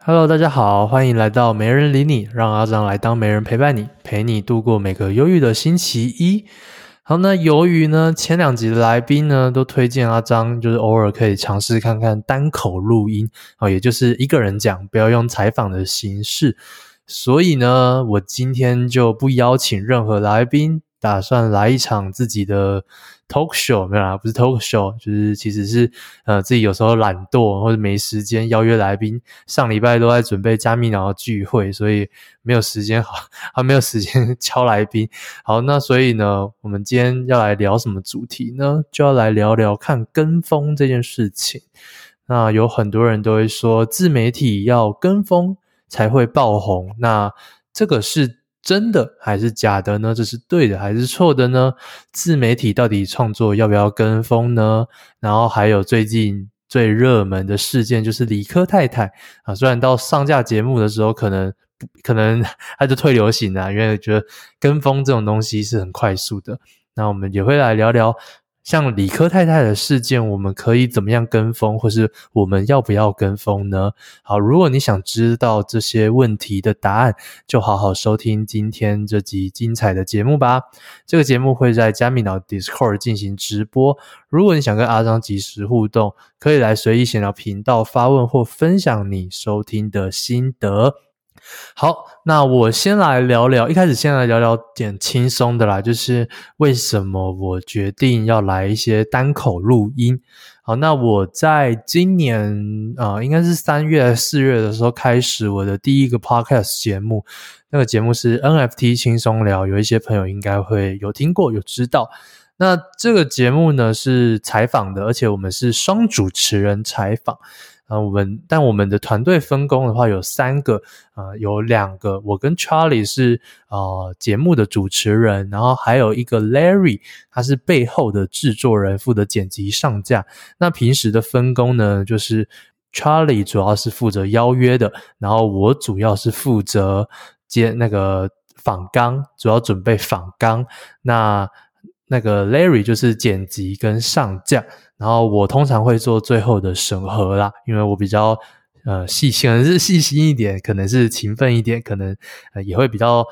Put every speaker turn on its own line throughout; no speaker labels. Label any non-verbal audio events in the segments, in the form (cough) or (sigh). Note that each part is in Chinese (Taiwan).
Hello，大家好，歡迎來到媒人理你，讓阿璋來當媒人陪伴你，陪你度過每個憂鬱的星期一。好，那由於呢前兩集的來賓呢都推薦阿璋，就是偶爾可以嘗試看看單口錄音啊、哦，也就是一個人講，不要用採訪的形式。所以呢，我今天就不邀請任何來賓，打算來一場自己的。Talk show 沒有啦，不是 Talk show，就是其實是呃自己有時候懶惰或者沒時間邀約來賓，上禮拜都在準備加密腦的聚會，所以沒有時間好，還、啊、沒有時間敲來賓。好，那所以呢，我們今天要來聊什麼主題呢？就要來聊聊看跟風這件事情。那有很多人都會說自媒體要跟風才會爆紅，那這個是。真的還是假的呢？這、就是對的還是錯的呢？自媒體到底創作要不要跟風呢？然後還有最近最熱門的事件就是理科太太啊，雖然到上架節目的時候可能可能他就退流行啊，因為覺得跟風這種東西是很快速的。那我們也會來聊聊。像理科太太的事件，我們可以怎麼樣跟風，或是我們要不要跟風呢？好，如果你想知道這些問題的答案，就好好收聽今天這集精彩的節目吧！這個節目會在加密腦 Discord 進行直播，如果你想跟阿璋即時互動，可以來隨意閒聊頻道發問或分享你收聽的心得。好，那我先來聊聊，一開始先來聊聊點輕鬆的啦，就是為什麼我決定要來一些單口錄音。好，那我在今年啊，呃，應該是三月、四月的時候開始我的第一個 Podcast 節目，那個節目是 NFT 輕鬆聊，有一些朋友應該會有聽過有知道。那這個節目呢，是採訪的，而且我們是雙主持人採訪。啊、呃，我們但我們的團隊分工的話，有三個，呃，有兩個，我跟 Charlie 是啊、呃、節目的主持人，然後還有一個 Larry，他是背後的制作人，負責剪輯上架。那平時的分工呢，就是 Charlie 主要是負責邀約的，然後我主要是負責接那個訪綱，主要準備訪綱。那那個 Larry 就是剪輯跟上架，然後我通常會做最後的審核啦，因為我比較呃細心，可能是細心一點，可能是勤奮一點，可能呃也會比較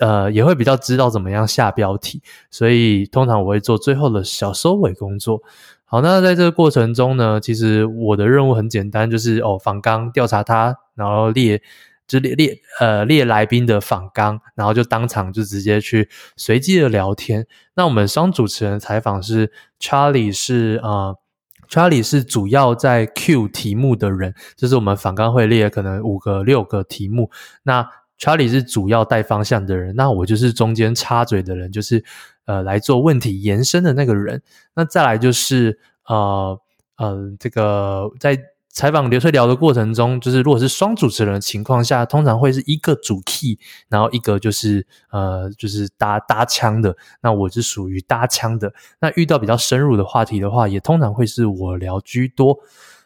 呃也會比較知道怎麼樣下標題，所以通常我會做最後的小收尾工作。好，那在這個過程中呢，其實我的任務很簡單，就是哦訪綱調查他，然後列。就列列呃列來賓的訪綱，然後就當場就直接去隨機的聊天。那我們雙主持人採訪是 Charlie 是呃 Charlie 是主要在 Q 題目的人，就是我們訪綱會列可能五個六個題目。那 Charlie 是主要帶方向的人，那我就是中間插嘴的人，就是呃來做問題延伸的那個人。那再來就是呃嗯、呃、這個在。採訪劉翠聊的過程中，就是如果是雙主持人的情況下，通常會是一個主 key，然後一個就是呃，就是搭搭腔的。那我是屬於搭腔的。那遇到比較深入的話題的話，也通常會是我聊居多。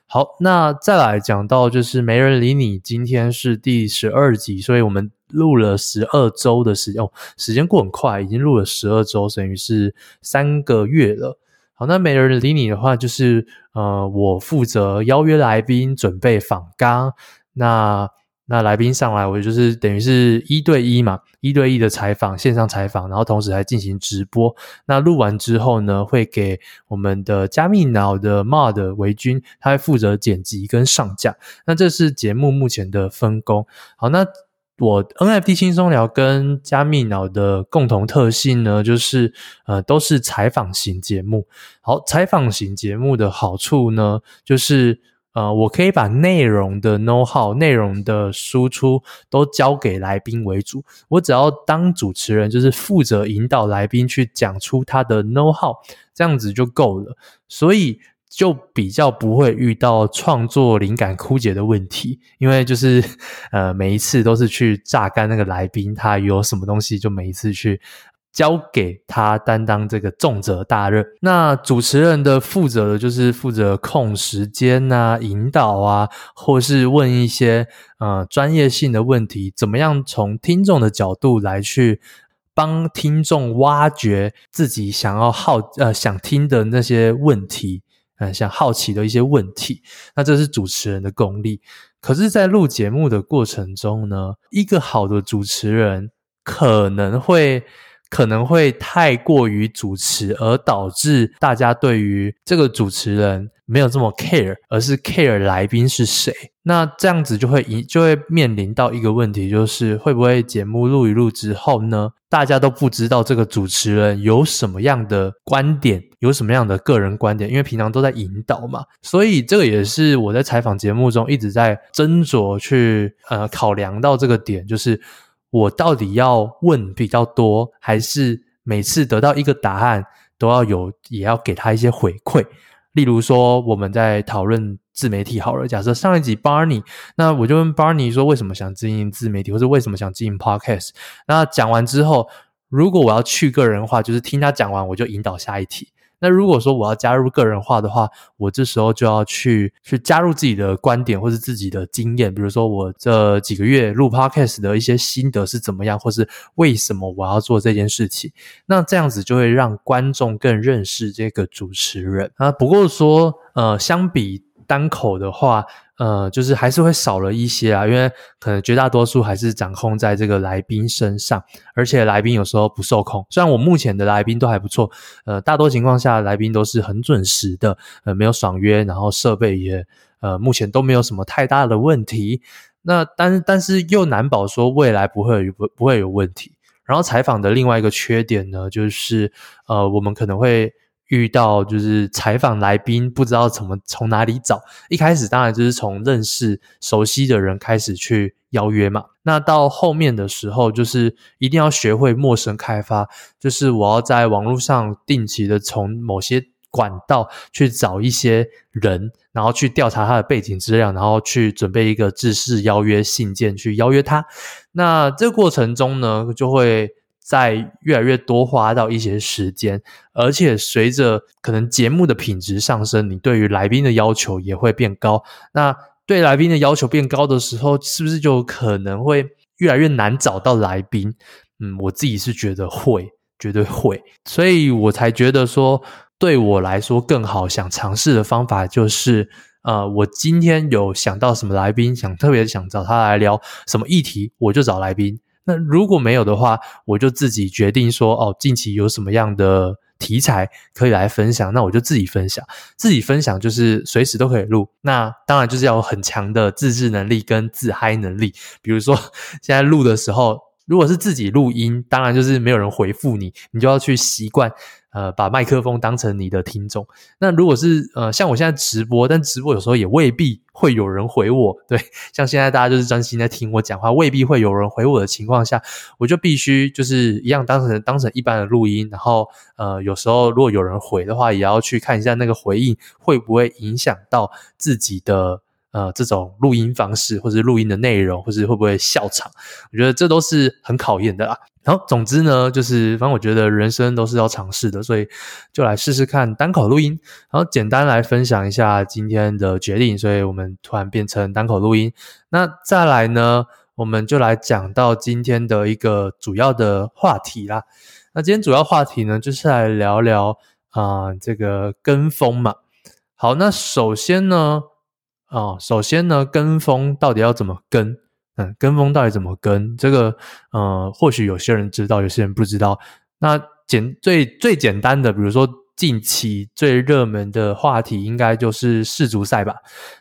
好，那再來講到就是沒人理你。今天是第十二集，所以我們錄了十二周的時，哦，時間過很快，已經錄了十二周，等於是三個月了。好，那媒人理你的話就是，呃，我負責邀約來賓，準備訪綱。那那來賓上來，我就是等於是一對一嘛，一對一的採訪，線上採訪，然後同時還進行直播。那錄完之後呢，會給我們的加密腦的 MOD 維軍，他會負責剪輯跟上架。那這是節目目前的分工。好，那。我 NFT 輕鬆聊跟加密腦的共同特性呢，就是呃都是採訪型節目。好，採訪型節目的好處呢，就是呃我可以把內容的 know how、內容的輸出都交給來賓為主，我只要當主持人，就是負責引導來賓去講出他的 know how，這樣子就夠了。所以。就比較不會遇到創作靈感枯竭的問題，因為就是呃每一次都是去榨乾那個來賓他有什麼東西，就每一次去交給他擔當這個重責大任。那主持人的負責的就是負責控時間吶、啊、引導啊，或是問一些呃專業性的問題，怎麼樣從聽眾的角度來去幫聽眾挖掘自己想要好呃想聽的那些問題。很像好奇的一些問題，那這是主持人的功力。可是，在錄節目的過程中呢，一個好的主持人可能會可能會太過於主持，而導致大家對於這個主持人沒有這麼 care，而是 care 來賓是誰。那這樣子就會引，就會面臨到一個問題，就是會不會節目錄一錄之後呢，大家都不知道這個主持人有什麼樣的觀點，有什麼樣的個人觀點？因為平常都在引導嘛，所以這個也是我在採訪節目中一直在斟酌去，呃，考量到這個點，就是我到底要問比較多，還是每次得到一個答案都要有，也要給他一些回饋。例如說，我們在討論自媒體好了。假設上一集 Barney，那我就問 Barney 說，為什麼想經營自媒體，或者為什麼想經營 Podcast？那講完之後，如果我要去個人的話，就是聽他講完，我就引導下一題。那如果說我要加入個人化的話，我這時候就要去去加入自己的觀點或是自己的經驗，比如說我這幾個月錄 podcast 的一些心得是怎麼樣，或是為什麼我要做這件事情，那這樣子就會讓觀眾更認識這個主持人啊。那不過說呃，相比。單口的話，呃，就是還是會少了一些啊，因為可能絕大多數還是掌控在這個來賓身上，而且來賓有時候不受控。雖然我目前的來賓都還不錯，呃，大多情況下來賓都是很準時的，呃，沒有爽約，然後設備也，呃，目前都沒有什麼太大的問題。那但但是又難保說未來不會不不會有問題。然後採訪的另外一個缺點呢，就是呃，我們可能會。遇到就是採訪來賓，不知道怎麼從哪裡找。一開始當然就是從認識熟悉的人開始去邀約嘛。那到後面的時候，就是一定要學會陌生開發。就是我要在網絡上定期的從某些管道去找一些人，然後去調查他的背景資料，然後去準備一個制式邀約信件去邀約他。那這過程中呢，就會。在越來越多花到一些時間，而且隨着可能節目的品質上升，你對於來賓的要求也會變高。那對來賓的要求變高的時候，是不是就可能會越來越難找到來賓？嗯，我自己是覺得會，絕對會。所以我才覺得說，對我來說更好想嘗試的方法就是，呃，我今天有想到什麼來賓，想特別想找他來聊什麼議題，我就找來賓。那如果沒有的話，我就自己決定說哦，近期有什麼樣的題材可以來分享，那我就自己分享。自己分享就是隨時都可以錄，那當然就是要有很強的自制能力跟自嗨能力。比如說現在錄的時候，如果是自己錄音，當然就是沒有人回覆你，你就要去習慣。呃，把麥克風當成你的聽眾。那如果是呃，像我現在直播，但直播有時候也未必會有人回我。對，像現在大家就是專心在聽我講話，未必會有人回我的情況下，我就必須就是一樣當成當成一般的錄音。然後呃，有時候如果有人回的話，也要去看一下那個回應會不會影響到自己的。呃，這種錄音方式，或是錄音的內容，或是會不會笑場，我覺得這都是很考驗的啦。然後，總之呢，就是反正我覺得人生都是要嘗試的，所以就來試試看單口錄音。然後，簡單來分享一下今天的決定，所以我們突然變成單口錄音。那再來呢，我們就來講到今天的一個主要的話題啦。那今天主要話題呢，就是來聊聊啊，呃，這個跟風嘛。好，那首先呢。啊、哦，首先呢，跟風到底要怎麼跟？嗯，跟風到底怎麼跟？這個，呃，或許有些人知道，有些人不知道。那簡最最簡單的，比如說近期最熱門的話題，應該就是世足賽吧？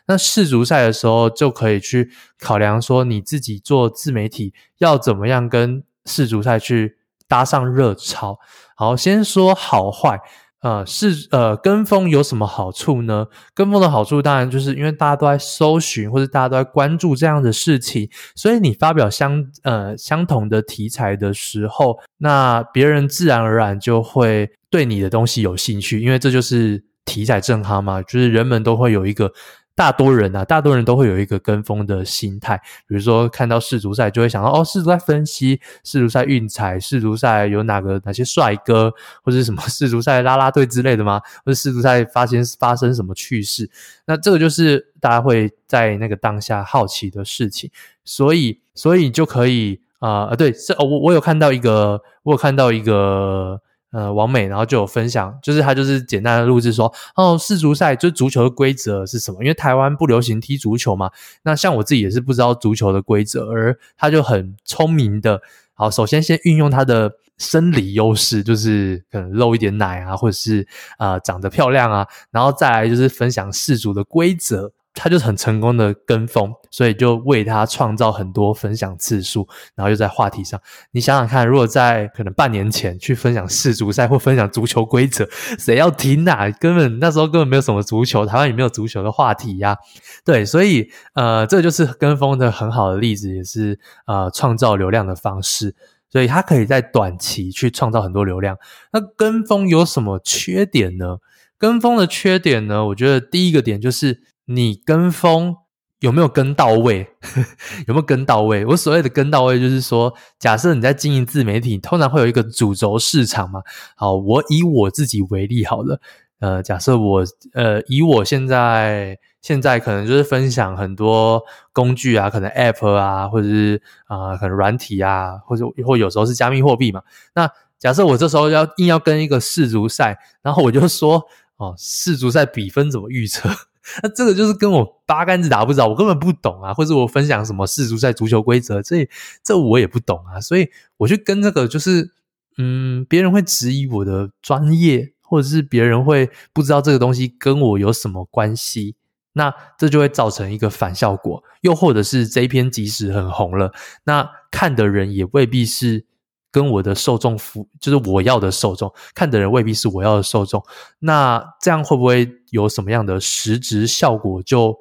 那世足賽的時候，就可以去考量說，你自己做自媒體要怎麼樣跟世足賽去搭上熱潮。好，先說好壞。呃，是呃，跟風有什麼好處呢？跟風的好處當然就是因為大家都在搜尋或者大家都在關注這樣的事情，所以你發表相呃相同的題材的時候，那別人自然而然就會對你的東西有興趣，因為這就是題材正夯嘛，就是人們都會有一個。大多人吶、啊，大多人都會有一個跟風的心態。比如說，看到世足賽，就會想到哦，世足賽分析，世足賽運彩，世足賽有哪個哪些帥哥，或者什麼世足賽拉拉隊之類的嗎？或者世足賽發生發生什麼趣事？那這個就是大家會在那個當下好奇的事情，所以，所以你就可以啊、呃、對，我我有看到一個，我有看到一個。呃，網美，然後就有分享，就是他就是簡單的錄製說，哦，世足賽就足球的規則是什麼？因為台灣不流行踢足球嘛，那像我自己也是不知道足球的規則，而他就很聰明的，好，首先先運用他的生理優勢，就是可能露一點奶啊，或者是呃長得漂亮啊，然後再來就是分享世足的規則。他就是很成功的跟風，所以就為他創造很多分享次數，然後又在話題上，你想想看，如果在可能半年前去分享世足賽或分享足球規則，誰要聽啊？根本那時候根本沒有什麼足球，台灣也沒有足球的話題呀、啊。對，所以呃，這就是跟風的很好的例子，也是呃創造流量的方式，所以他可以在短期去創造很多流量。那跟風有什麼缺點呢？跟風的缺點呢？我覺得第一個點就是。你跟風有沒有跟到位？ (laughs) 有沒有跟到位？我所謂的跟到位，就是說，假設你在經營自媒體，通常會有一個主軸市場嘛。好，我以我自己為例好了。呃，假設我呃，以我現在現在可能就是分享很多工具啊，可能 App 啊，或者是啊、呃，可能軟體啊，或者或有時候是加密貨幣嘛。那假設我這時候要硬要跟一個世足賽，然後我就說哦，世足賽比分怎麼預測？那這個就是跟我八竿子打不着，我根本不懂啊，或者我分享什麼世足賽足球規則，這這我也不懂啊，所以我就跟這個就是，嗯，別人會質疑我的專業，或者是別人會不知道這個東西跟我有什麼關係，那這就會造成一個反效果，又或者是這一篇即使很紅了，那看的人也未必是。跟我的受眾服，就是我要的受眾，看的人未必是我要的受眾，那這樣會不會有什麼樣的實質效果就，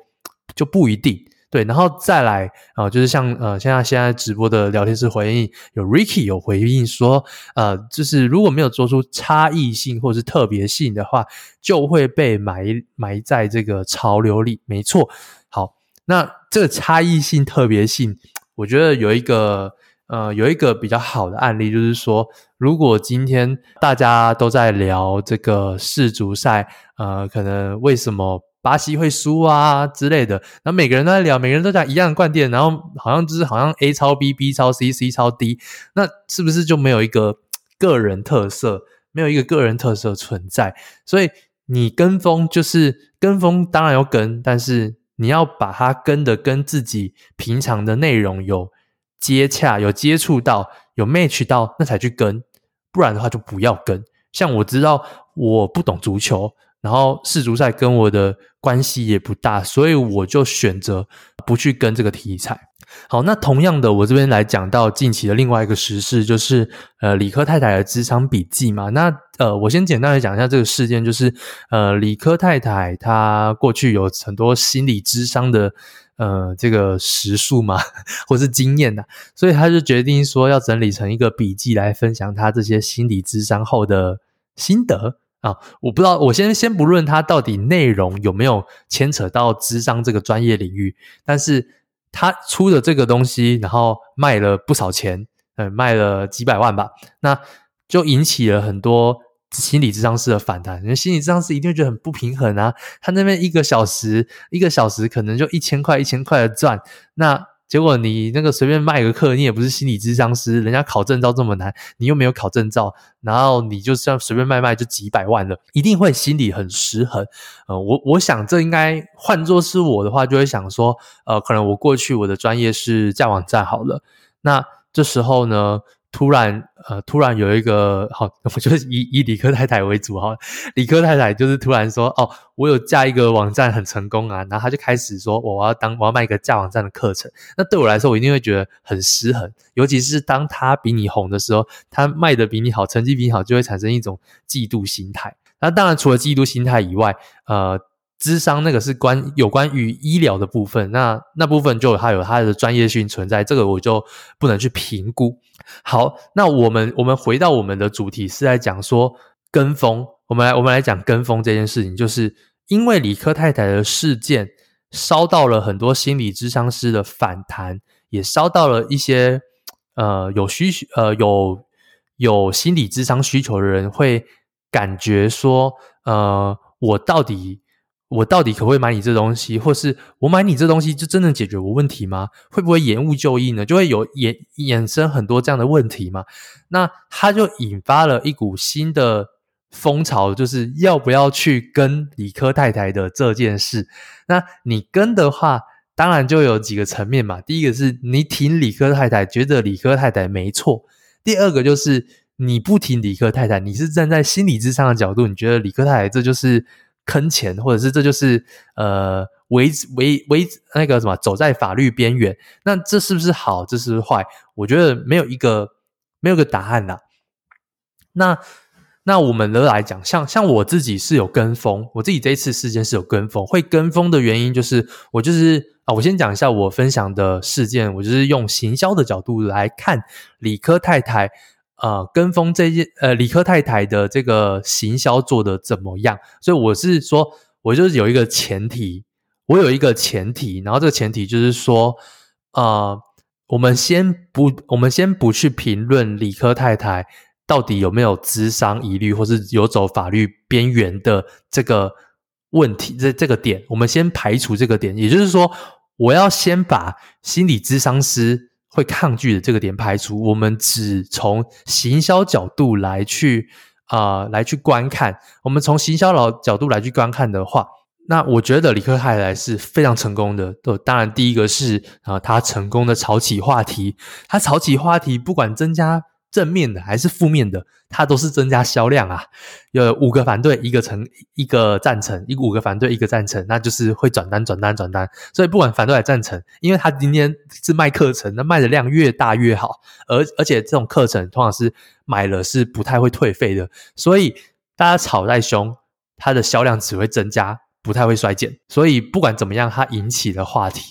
就就不一定對。然後再來啊、呃，就是像，呃，像他現在直播的聊天室回應，有 Ricky 有回應說，呃，就是如果沒有做出差異性或是特別性的話，就會被埋埋在這個潮流裡。沒錯，好，那這個差異性、特別性，我覺得有一個。呃，有一個比較好的案例，就是說，如果今天大家都在聊這個世足賽，呃，可能為什麼巴西會輸啊之類的，那每個人都在聊，每個人都在一樣的觀點，然後好像就是好像 A 超 B，B 超 C，C 超 D，那是不是就沒有一個個人特色，沒有一個個人特色存在？所以你跟風就是跟風，當然有跟，但是你要把它跟的跟自己平常的內容有。接洽有接觸到有 match 到，那才去跟，不然的話就不要跟。像我知道我不懂足球，然後世足賽跟我的關係也不大，所以我就選擇不去跟這個題材。好，那同樣的，我這邊來講到近期的另外一個時事，就是呃，理科太太的職場筆記嘛。那呃，我先簡單的講一下這個事件，就是呃，理科太太她過去有很多心理諮商的。呃，這個時數嘛， (laughs) 或是經驗的，啊，所以他就決定說要整理成一個筆記來分享他這些心理諮商後的心得啊！我不知道，我先先不論他到底內容有沒有牽扯到諮商這個專業領域，但是他出的這個東西，然後賣了不少錢，呃，賣了幾百萬吧，那就引起了很多。心理諮商師的反彈，人心理諮商師一定會覺得很不平衡啊！他那邊一個小時，一個小時可能就一千塊，一千塊的賺。那結果你那個隨便賣個課，你也不是心理諮商師，人家考證照這麼難，你又沒有考證照，然後你就算隨便賣賣就幾百萬了，一定會心裡很失衡。呃，我我想這應該換作是我的話，就會想說，呃，可能我過去我的專業是架網站好了。那這時候呢？突然，呃，突然有一個好，我覺得以以理科太太為主哈。理科太太就是突然說，哦，我有架一個網站很成功啊，然後她就開始說，我要當我要賣一個架網站的課程。那對我來說，我一定會覺得很失衡，尤其是當她比你紅的時候，她賣得比你好，成績比你好，就會產生一種嫉妒心態。那當然，除了嫉妒心態以外，呃。諮商，那個是關有關於醫療的部分，那那部分就有它有它的專業性存在，這個我就不能去評估。好，那我們我們回到我們的主題，是來講說跟風。我們來我們來講跟風這件事情，就是因為理科太太的事件燒到了很多心理諮商師的反彈，也燒到了一些呃有需呃有有心理諮商需求的人會感覺說，呃，我到底。我到底可不可以買你這東西，或是我買你這東西就真的解決我問題嗎？會不會延誤就醫呢？就會有衍衍生很多這樣的問題嗎？那他就引發了一股新的風潮，就是要不要去跟理科太太的這件事？那你跟的話，當然就有幾個層面嘛。第一個是你挺理科太太，覺得理科太太沒錯；第二個就是你不挺理科太太，你是站在心理諮商的角度，你覺得理科太太這就是，坑錢，或者是這就是呃，為為為那個什麼，走在法律邊緣。那這是不是好，這是不是壞？我覺得沒有一個沒有個答案啦、啊、那那我們來來講，像像我自己是有跟風，我自己這一次事件是有跟風。會跟風的原因就是，我就是啊，我先講一下我分享的事件，我就是用行銷的角度來看理科太太。呃，跟風這些呃，理科太太的這個行銷做得怎麼樣？所以我是說，我就是有一個前提，我有一個前提，然後這個前提就是說，呃我們先不，我們先不去評論理科太太到底有沒有諮商疑慮，或是有走法律邊緣的這個問題，這這個點，我們先排除這個點，也就是說，我要先把心理諮商師。會抗拒的這個點排除，我們只從行銷角度來去啊、呃、來去觀看。我們從行銷老角度來去觀看的話，那我覺得理科太太是非常成功的。都當然第一個是啊、呃，他成功的炒起話題，他炒起話題不管增加，正面的還是負面的，它都是增加銷量啊。有五個反對，一個成，一個贊成；一個五個反對，一個贊成，那就是會轉單、轉單、轉單。所以不管反對還是贊成，因為他今天是賣課程，那賣的量越大越好。而而且這種課程通常是買了是不太會退費的，所以大家吵再兇，它的銷量只會增加，不太會衰減。所以不管怎麼樣，它引起了話題，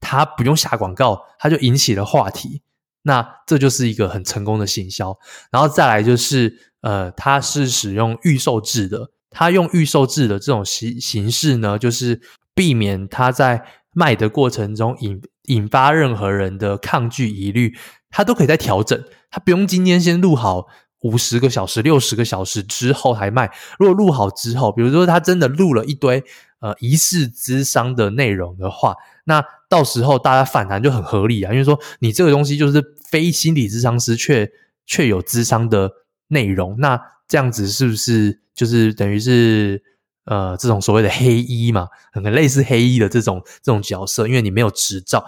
它不用下廣告，它就引起了話題。那這就是一個很成功的行銷，然後再來就是，呃，它是使用預售制的，它用預售制的這種形形式呢，就是避免它在賣的過程中引引發任何人的抗拒疑慮，它都可以再調整，它不用今天先錄好五十個小時、六十個小時之後才賣，如果錄好之後，比如說他真的錄了一堆呃疑似諮商的內容的話，那到時候大家反彈就很合理啊，因為說你這個東西就是。非心理諮商師卻卻有諮商的內容，那這樣子是不是就是等於是呃這種所謂的黑醫嘛？很類似黑醫的這種這種角色，因為你沒有執照，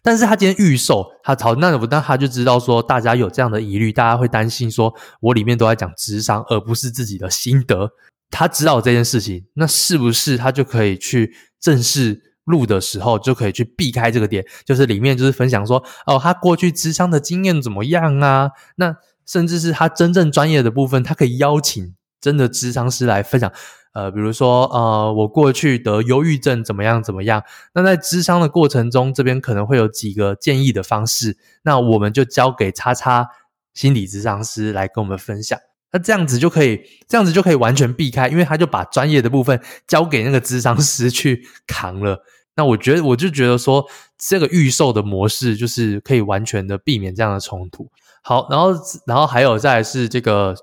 但是他今天預售，他朝那種，他就知道說大家有這樣的疑慮，大家會擔心說我裡面都在講諮商而不是自己的心得，他知道這件事情，那是不是他就可以去正視？錄的時候就可以去避開這個點，就是裡面就是分享說哦，他過去諮商的經驗怎麼樣啊？那甚至是他真正專業的部分，他可以邀請真的諮商師來分享。呃，比如說呃，我過去得憂鬱症怎麼樣怎麼樣？那在諮商的過程中，這邊可能會有幾個建議的方式，那我們就交給叉叉心理諮商師來跟我們分享。那這樣子就可以，這樣子就可以完全避開，因為他就把專業的部分交給那個諮商師去扛了。那我覺得，我就覺得說，這個預售的模式就是可以完全的避免這樣的衝突。好，然後，然後還有再來是這個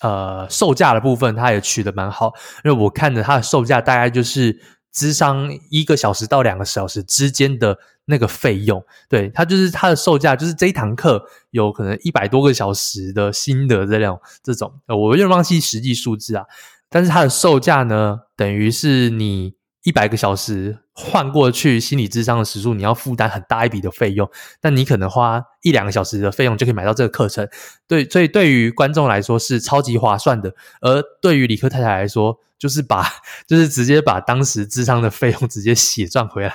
呃售價的部分，它也取得蠻好，因為我看着它的售價大概就是諮商一個小時到兩個小時之間的那個費用。對，它就是它的售價，就是這一堂課有可能一百多個小時的心得這樣這種，我有點忘記實際數字啊，但是它的售價呢，等於是你。一百個小時換過去心理諮商的時數，你要負擔很大一筆的費用。但你可能花一兩個小時的費用就可以買到這個課程，對，所以對於觀眾來說是超級划算的。而對於理科太太來說，就是把就是直接把當時諮商的費用直接血賺回來，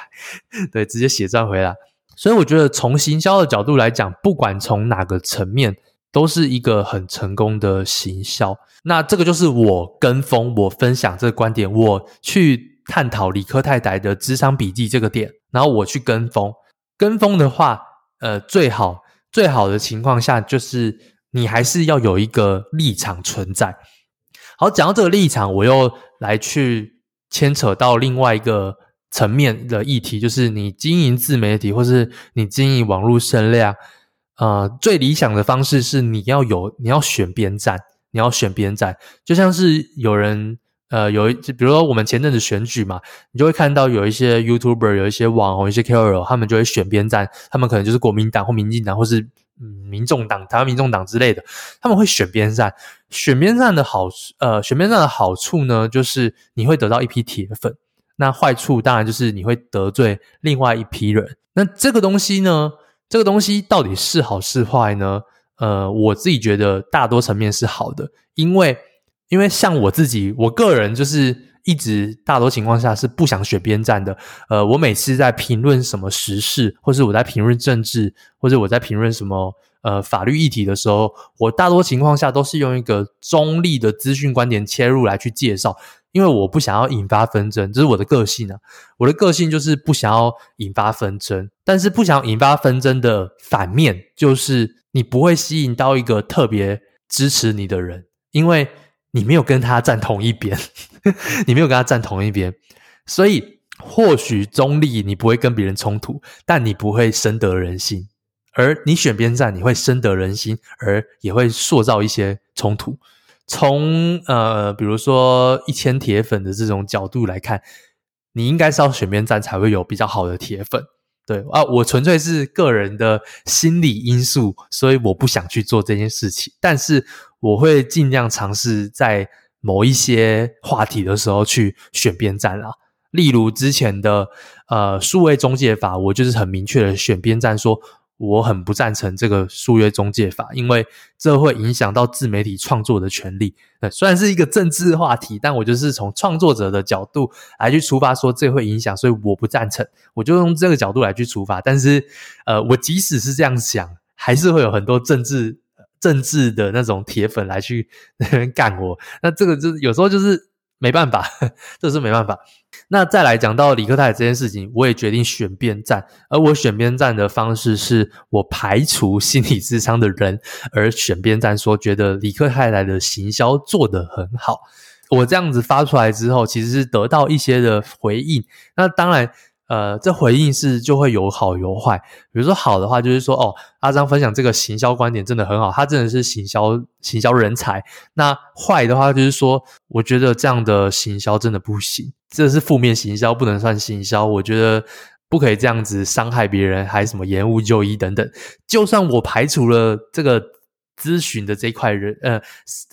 對，直接血賺回來。所以我覺得從行銷的角度來講，不管從哪個層面，都是一個很成功的行銷。那這個就是我跟風，我分享這個觀點，我去。探討理科太太的諮商筆記這個點，然後我去跟風。跟風的話，呃，最好最好的情況下，就是你還是要有一個立場存在。好，講到這個立場，我又來去牽扯到另外一個層面的議題，就是你經營自媒、媒體，或是你經營網絡聲量，啊、呃，最理想的方式是你要有，你要選邊站，你要選邊站，就像是有人。呃，有一比如說我們前陣子選舉嘛，你就會看到有一些 YouTuber、有一些網紅、一些 KOL，他們就會選邊站，他們可能就是國民黨或民進黨或是民眾黨、台灣民眾黨之類的，他們會選邊站。選邊站的好處，呃，選邊站的好處呢，就是你會得到一批鐵粉。那壞處當然就是你會得罪另外一批人。那這個東西呢，這個東西到底是好是壞呢？呃，我自己覺得大多層面是好的，因為。因為像我自己，我個人就是一直大多情況下是不想選邊站的。呃，我每次在評論什麼時事，或是我在評論政治，或者我在評論什麼呃法律議題的時候，我大多情況下都是用一個中立的資訊觀點切入來去介紹，因為我不想要引發紛爭，這是我的個性啊。我的個性就是不想要引發紛爭，但是不想引發紛爭的反面就是你不會吸引到一個特別支持你的人，因為。你沒有跟他站同一邊， (laughs) 你沒有跟他站同一邊，所以或許中立你不會跟別人衝突，但你不會深得人心；而你選邊站，你會深得人心，而也會塑造一些衝突。從呃，比如說一千鐵粉的這種角度來看，你應該是要選邊站才會有比較好的鐵粉。對啊，我純粹是個人的心理因素，所以我不想去做這件事情。但是我會盡量嘗試在某一些話題的時候去選邊站啊，例如之前的，呃，數位中介法，我就是很明確的選邊站說。我很不贊成這個數位中介法，因為這會影響到自媒體創作的權利。呃，雖然是一個政治話題，但我就是從創作者的角度來去出發，說這會影響，所以我不贊成。我就用這個角度來去出發，但是，呃，我即使是這樣想，還是會有很多政治政治的那種鐵粉來去呵呵幹我。那這個就是有時候就是。沒辦法，這是沒辦法。那再來講到李克泰這件事情，我也決定選邊站。而我選邊站的方式是，我排除心理智商的人，而選邊站說，覺得李克泰來的行銷做得很好。我這樣子發出來之後，其實是得到一些的回應。那當然。呃，這回應是就會有好有壞。比如說好的話，就是說哦，阿璋分享這個行銷觀點真的很好，他真的是行銷行銷人才。那壞的話，就是說我覺得這樣的行銷真的不行，這是負面行銷，不能算行銷。我覺得不可以這樣子傷害別人，還什麼延誤就醫等等。就算我排除了這個諮詢的這一塊人，呃，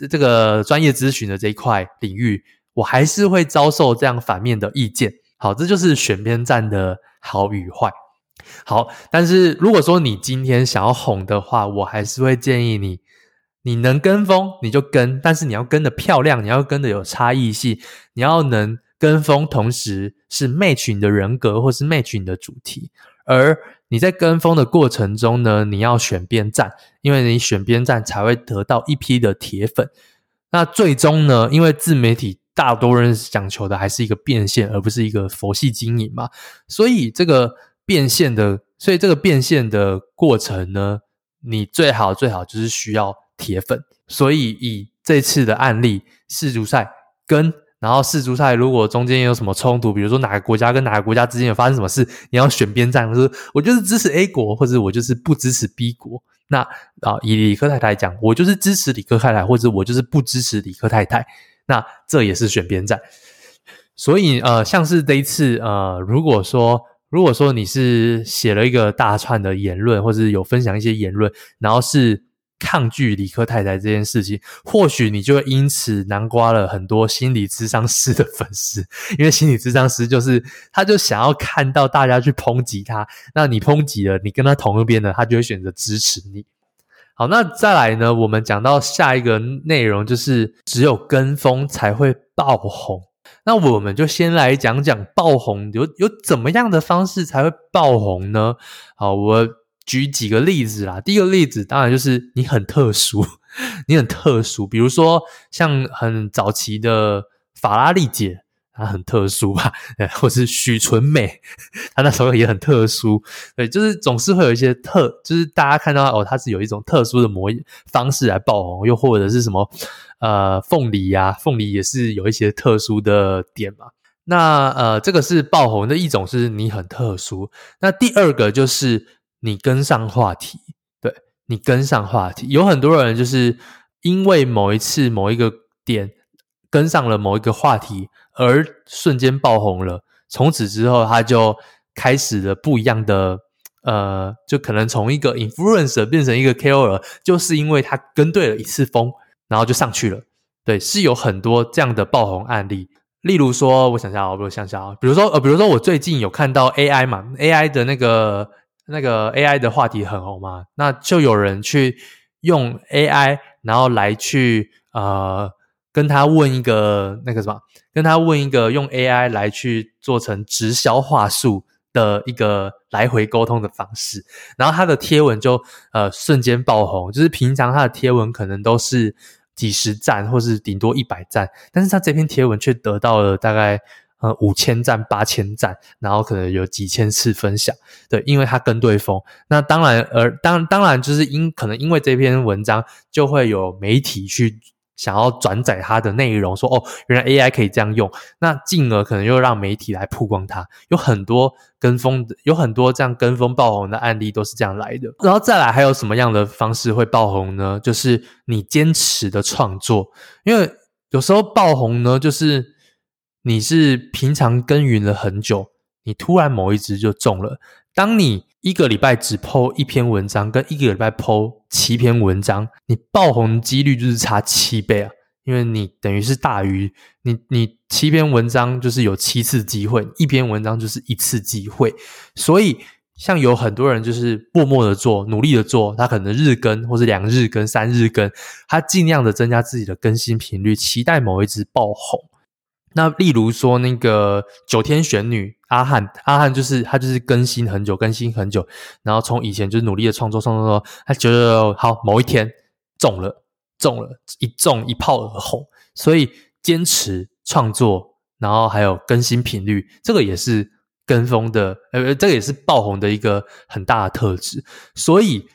這個專業諮詢的這一塊領域，我還是會遭受這樣反面的意見。好，這就是選邊站的好與壞。好，但是如果說你今天想要紅的話，我還是會建議你，你能跟風你就跟，但是你要跟得漂亮，你要跟得有差異性，你要能跟風，同時是 match 你的人格或是 match 你的主題。而你在跟風的過程中呢，你要選邊站，因為你選邊站才會得到一批的鐵粉。那最終呢，因為自媒體。大多人講求的還是一個變現，而不是一個佛系經營嘛。所以這個變現的，所以這個變現的過程呢，你最好最好就是需要鐵粉。所以以這次的案例世足賽跟然後世足賽，如果中間有什麼衝突，比如說哪個國家跟哪個國家之間有發生什麼事，你要選邊站，或者我就是支持 A 國，或者我就是不支持 B 國。那啊，以理科太太講，我就是支持理科太太，或者我就是不支持理科太太。那這也是選邊站，所以呃，像是這一次呃，如果說如果說你是寫了一個大串的言論，或者是有分享一些言論，然後是抗拒理科太太這件事情，或許你就會因此南瓜了很多心理諮商師的粉絲，因為心理諮商師就是他就想要看到大家去抨擊他，那你抨擊了，你跟他同一邊的，他就會選擇支持你。好，那再來呢？我們講到下一個內容，就是只有跟風才會爆紅。那我們就先來講講爆紅有，有有怎麼樣的方式才會爆紅呢？好，我舉幾個例子啦。第一個例子當然就是你很特殊，你很特殊，比如說像很早期的法拉利姐。他很特殊吧？或是許純美，他那時候也很特殊。對，就是總是會有一些特，就是大家看到哦，他是有一種特殊的模方式來爆紅，又或者是什麼呃鳳梨呀、啊，鳳梨也是有一些特殊的點嘛。那呃，這個是爆紅的一種，是你很特殊。那第二個就是你跟上話題，對，你跟上話題，有很多人就是因為某一次某一個點跟上了某一個話題。而瞬間爆紅了，從此之後他就開始了不一樣的，呃，就可能從一個 influencer 變成一個 KOL，就是因為他跟對了一次風，然後就上去了。對，是有很多這樣的爆紅案例，例如說，我想想啊，我想想啊，比如說呃，比如說我最近有看到 AI 嘛，AI 的那個那個 AI 的話題很紅嘛，那就有人去用 AI，然後來去呃。跟他問一個那個什麼，跟他問一個用 AI 來去做成直銷話術的一個來回溝通的方式，然後他的貼文就呃瞬間爆紅，就是平常他的貼文可能都是幾十讚，或是頂多一百讚，但是他這篇貼文卻得到了大概呃五千讚、八千讚，然後可能有幾千次分享，對，因為他跟對風，那當然，而當當然就是因可能因為這篇文章就會有媒體去。想要轉載它的內容，說哦，原來 AI 可以這樣用，那進而可能又讓媒體來曝光它，有很多跟風的，有很多這樣跟風爆紅的案例都是這樣來的。然後再來，還有什麼樣的方式會爆紅呢？就是你堅持的創作，因為有時候爆紅呢，就是你是平常耕耘了很久，你突然某一支就中了。當你一個禮拜只 po 一篇文章，跟一個禮拜 po 七篇文章，你爆紅幾率就是差七倍啊！因為你等於是大於你，你七篇文章就是有七次機會，一篇文章就是一次機會。所以，像有很多人就是默默的做，努力的做，他可能日更或者兩日更、三日更，他盡量的增加自己的更新頻率，期待某一支爆紅。那例如說，那個九天玄女阿翰，阿翰就是他，就是更新很久，更新很久，然後從以前就是努力的創作創作說，他覺得好，某一天中了，中了，中了，一中一炮而紅，所以堅持創作，然後還有更新頻率，這個也是跟風的，呃，這個也是爆紅的一個很大的特質，所以，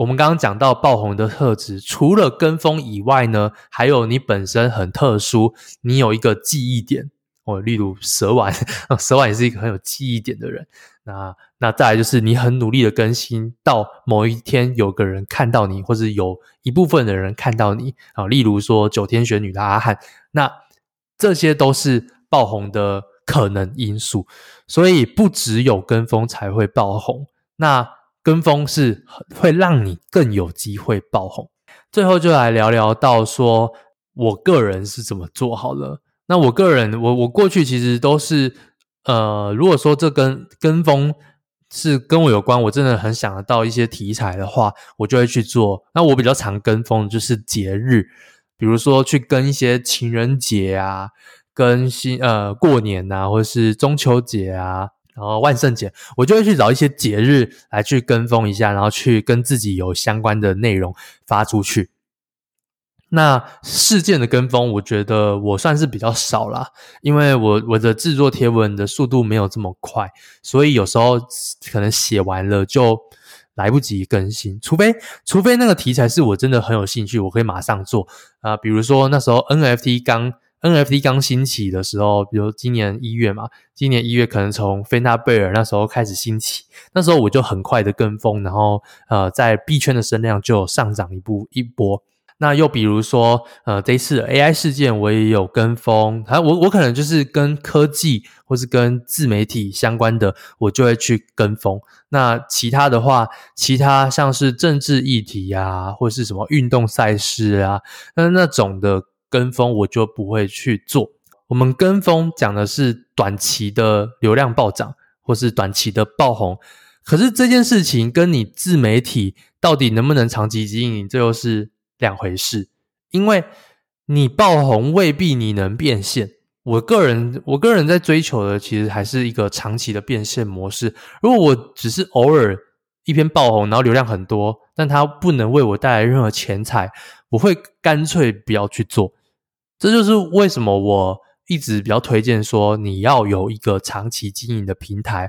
我們剛剛講到爆紅的特質，除了跟風以外呢，還有你本身很特殊，你有一個記憶點，哦，例如蛇丸，哦，蛇丸也是一個很有記憶點的人。那那再來就是你很努力的更新，到某一天有個人看到你，或者有一部分的人看到你啊，哦，例如說九天玄女的阿漢，那這些都是爆紅的可能因素，所以不只有跟風才會爆紅。那跟風是會讓你更有機會爆紅。最後就來聊聊到說，我個人是怎麼做好了。那我個人，我我過去其實都是，呃，如果說這跟跟風是跟我有關，我真的很想得到一些題材的話，我就會去做。那我比較常跟風就是節日，比如說去跟一些情人節啊、跟新，呃，過年啊，或者是中秋節啊。然後萬聖節，我就會去找一些節日來去跟風一下，然後去跟自己有相關的內容發出去。那事件的跟風，我覺得我算是比較少啦，因為我我的制作貼文的速度沒有這麼快，所以有時候可能寫完了就來不及更新，除非除非那個題材是我真的很有興趣，我可以馬上做啊，比如說那時候 NFT 剛。NFT 剛興起的時候，比如今年一月嘛，今年一月可能從菲娜貝爾那時候開始興起，那時候我就很快的跟風，然後呃，在幣圈的聲量就上漲一波一波。那又比如說，呃，這一次 AI 事件我也有跟風，還、啊、我我可能就是跟科技或是跟自媒體相關的，我就會去跟風。那其他的話，其他像是政治議題啊，或是什麼運動賽事啊，那那種的。跟風我就不會去做。我們跟風講的是短期的流量暴漲，或是短期的爆紅。可是這件事情跟你自媒體到底能不能長期經營，這又是兩回事。因為你爆紅未必你能變現。我個人，我個人在追求的其實還是一個長期的變現模式。如果我只是偶爾一篇爆紅，然後流量很多，但它不能為我帶來任何錢財，我會乾脆不要去做。這就是為什麼我一直比較推薦說你要有一個長期經營的平台，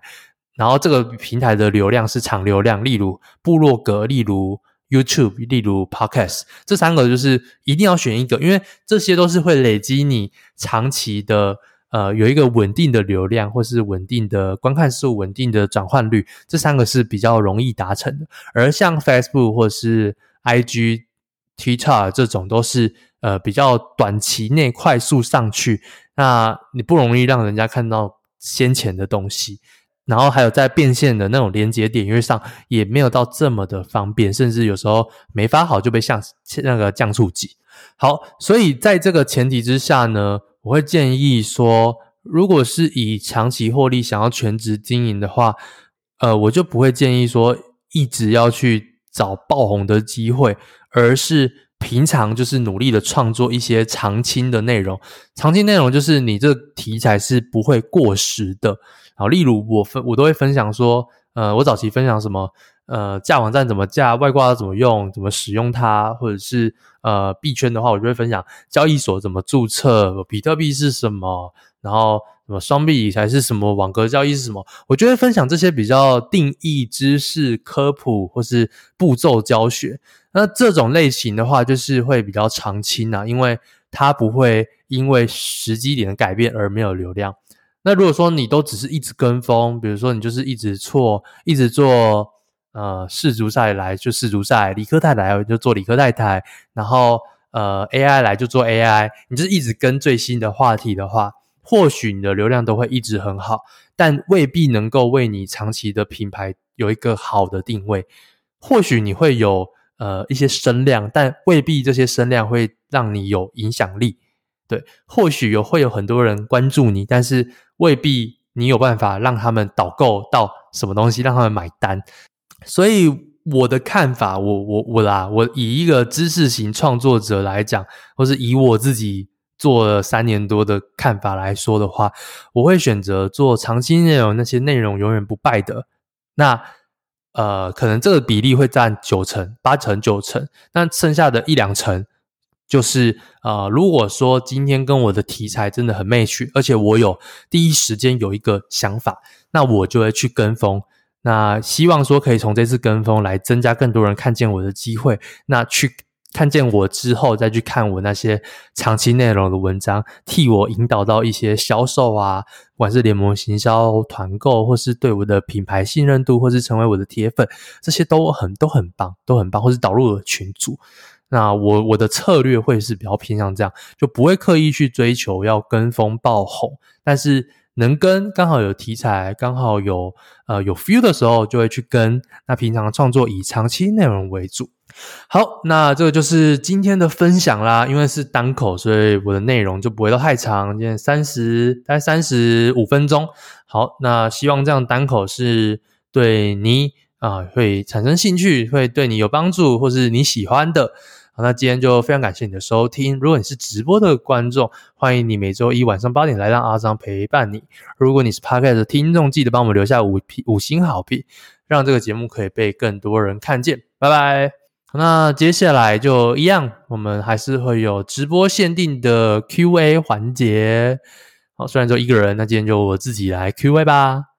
然後這個平台的流量是長流量，例如部落格，例如 YouTube，例如 Podcast，這三個就是一定要選一個，因為這些都是會累積你長期的呃，有一個穩定的流量，或是穩定的觀看數、穩定的轉換率，這三個是比較容易達成的。而像 Facebook 或是 IG、TikTok 這種都是。呃，比較短期內快速上去，那你不容易讓人家看到先前的東西。然後還有在變現的那種連結點，因為上也沒有到這麼的方便，甚至有時候沒發好就被降那個降觸及。好，所以在這個前提之下呢，我會建議說，如果是以長期獲利、想要全職經營的話，呃，我就不會建議說一直要去找爆紅的機會，而是。平常就是努力的創作一些常青的內容，常青內容就是你這個題材是不會過時的。然後，例如我分我都會分享說，呃，我早期分享什麼，呃，架網站怎麼架，外掛怎麼用，怎麼使用它，或者是呃，幣圈的話，我就會分享交易所怎麼註冊，比特幣是什麼，然後什麼雙幣理財是什麼，網格交易是什麼，我就會分享這些比較定義知識科普或是步驟教學。那這種類型的話，就是會比較常青啦，啊，因為它不會因為時機點的改變而沒有流量。那如果說你都只是一直跟風，比如說你就是一直錯，一直做，呃，世足賽來就世足賽，理科太太來就做理科太太，然後呃，AI 來就做 AI，你就是一直跟最新的話題的話，或許你的流量都會一直很好，但未必能夠為你長期的品牌有一個好的定位。或許你會有。呃，一些聲量，但未必這些聲量會讓你有影響力。對，或許有會有很多人關注你，但是未必你有辦法讓他們導購到什麼東西，讓他們買單。所以我的看法，我我我啦，我以一個知識型創作者來講，或是以我自己做了三年多的看法來說的話，我會選擇做長期內容，那些內容永遠不敗的。那。呃，可能這個比例會占九成、八成、九成，那剩下的一兩成，就是呃，如果說今天跟我的題材真的很 match，而且我有第一時間有一個想法，那我就會去跟風。那希望說可以從這次跟風來增加更多人看見我的機會，那去。看見我之後，再去看我那些長期內容的文章，替我引導到一些銷售啊，不管是聯盟行銷、團購，或是對我的品牌信任度，或是成為我的鐵粉，這些都很都很棒，都很棒，或是導入我的群組。那我我的策略會是比較偏向這樣，就不會刻意去追求要跟風爆紅，但是。能跟剛好有題材，剛好有呃有 feel 的時候，就會去跟。那平常創作以長期內容為主。好，那這個就是今天的分享啦。因為是單口，所以我的內容就不會都太長，今天三十，大概三十五分鐘。好，那希望這樣單口是對你啊、呃、會產生興趣，會對你有幫助，或是你喜歡的。好，那今天就非常感謝你的收聽。如果你是直播的觀眾，歡迎你每周一晚上八點來讓阿璋陪伴你。如果你是 Podcast 的聽眾，記得幫我們留下五 P 五星好評，讓這個節目可以被更多人看見。拜拜。好，那接下來就一樣，我們還是會有直播限定的 QA 環節。好，雖然只有一個人，那今天就我自己來 QA 吧。